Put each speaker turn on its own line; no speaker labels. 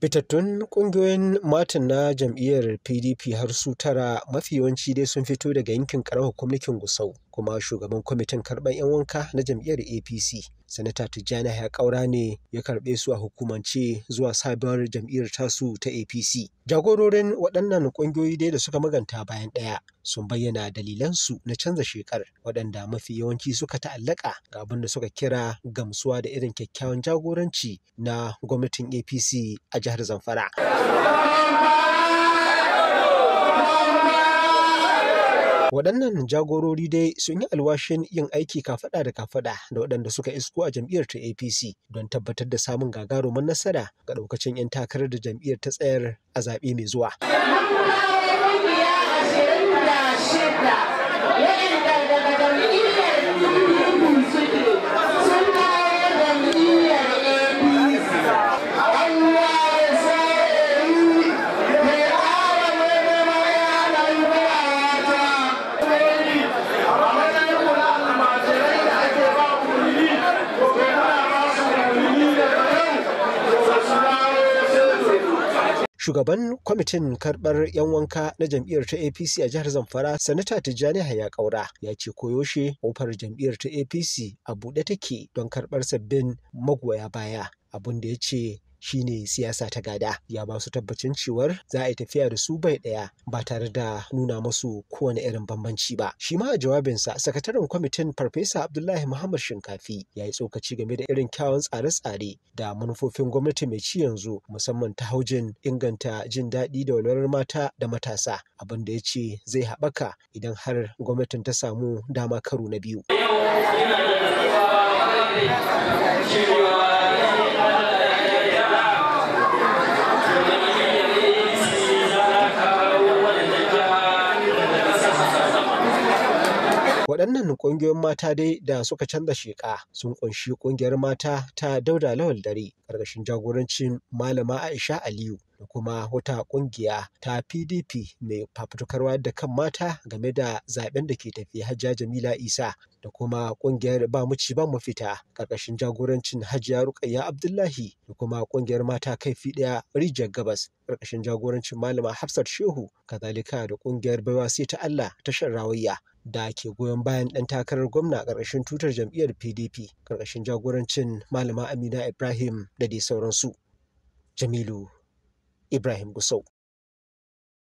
Fitattun ƙungiyoyin Martin na jam'iyyar PDP har su tara, mafi yawanci dai sun fito daga yankin Ƙaramar Hukumar Gusau. kuma shugaban kwamitin karɓar 'yan wanka na jam'iyyar apc sanata tijjani ya ƙaura ne ya karɓe su a hukumance zuwa sabuwar jam'iyyar tasu ta apc jagororin waɗannan ƙungiyoyi dai da suka maganta bayan ɗaya sun bayyana dalilansu na canza shekar waɗanda mafi yawanci suka ta'allaka ga abin da suka kira gamsuwa da irin kyakkyawan jagoranci na gwamnatin apc a jihar zamfara Waɗannan jagorori dai sun yi alwashin yin aiki kafaɗa da kafaɗa da waɗanda suka isko a jam'iyyar ta APC don tabbatar da samun gagarumin nasara ga ɗaukacin 'yan takarar da jam'iyyar ta tsayar a zaɓe mai zuwa. Shugaban kwamitin karɓar 'yan wanka na jam'iyyar ta APC a jihar Zamfara, Sanata Tijjani Haya Kaura, ya ce koyaushe ƙofar jam'iyyar ta APC a buɗe take don karɓar sabbin magoya baya, abin da ya ce shine siyasa ta gada ya ba su tabbacin cewar za a yi tafiya da su bai ɗaya ba tare da nuna musu kowane irin bambanci ba shi ma a jawabinsa sakataren kwamitin farfesa abdullahi muhammad shinkafi ya yi tsokaci game da irin kyawun tsare-tsare da manufofin gwamnati mai ci yanzu musamman ta haujin inganta jin daɗi da walwalar mata da matasa abin da ya ce zai haɓaka idan har gwamnatin ta samu dama karo na biyu. Waɗannan ƙungiyoyin mata dai da suka canza sheƙa sun ƙunshi ƙungiyar mata ta Dauda Lawal Dare ƙarƙashin jagorancin Malama Aisha Aliyu da kuma wata ƙungiya ta PDP mai fafutukar wayar da kan mata game da zaben da ke tafi Hajiya Jamila Isa da kuma ƙungiyar ba muci ba mu fita ƙarƙashin jagorancin Hajiya Rukayya Abdullahi da kuma ƙungiyar mata kaifi ɗaya Rijiyar Gabas ƙarƙashin jagorancin Malama Hafsat Shehu kazalika da ƙungiyar baiwa sai ta Allah tashar Rawayya da ke goyon bayan ɗan takarar gwamna ƙarƙashin tutar jam'iyyar pdp ƙarƙashin jagorancin malama amina ibrahim da dai sauransu jamilu ibrahim gusau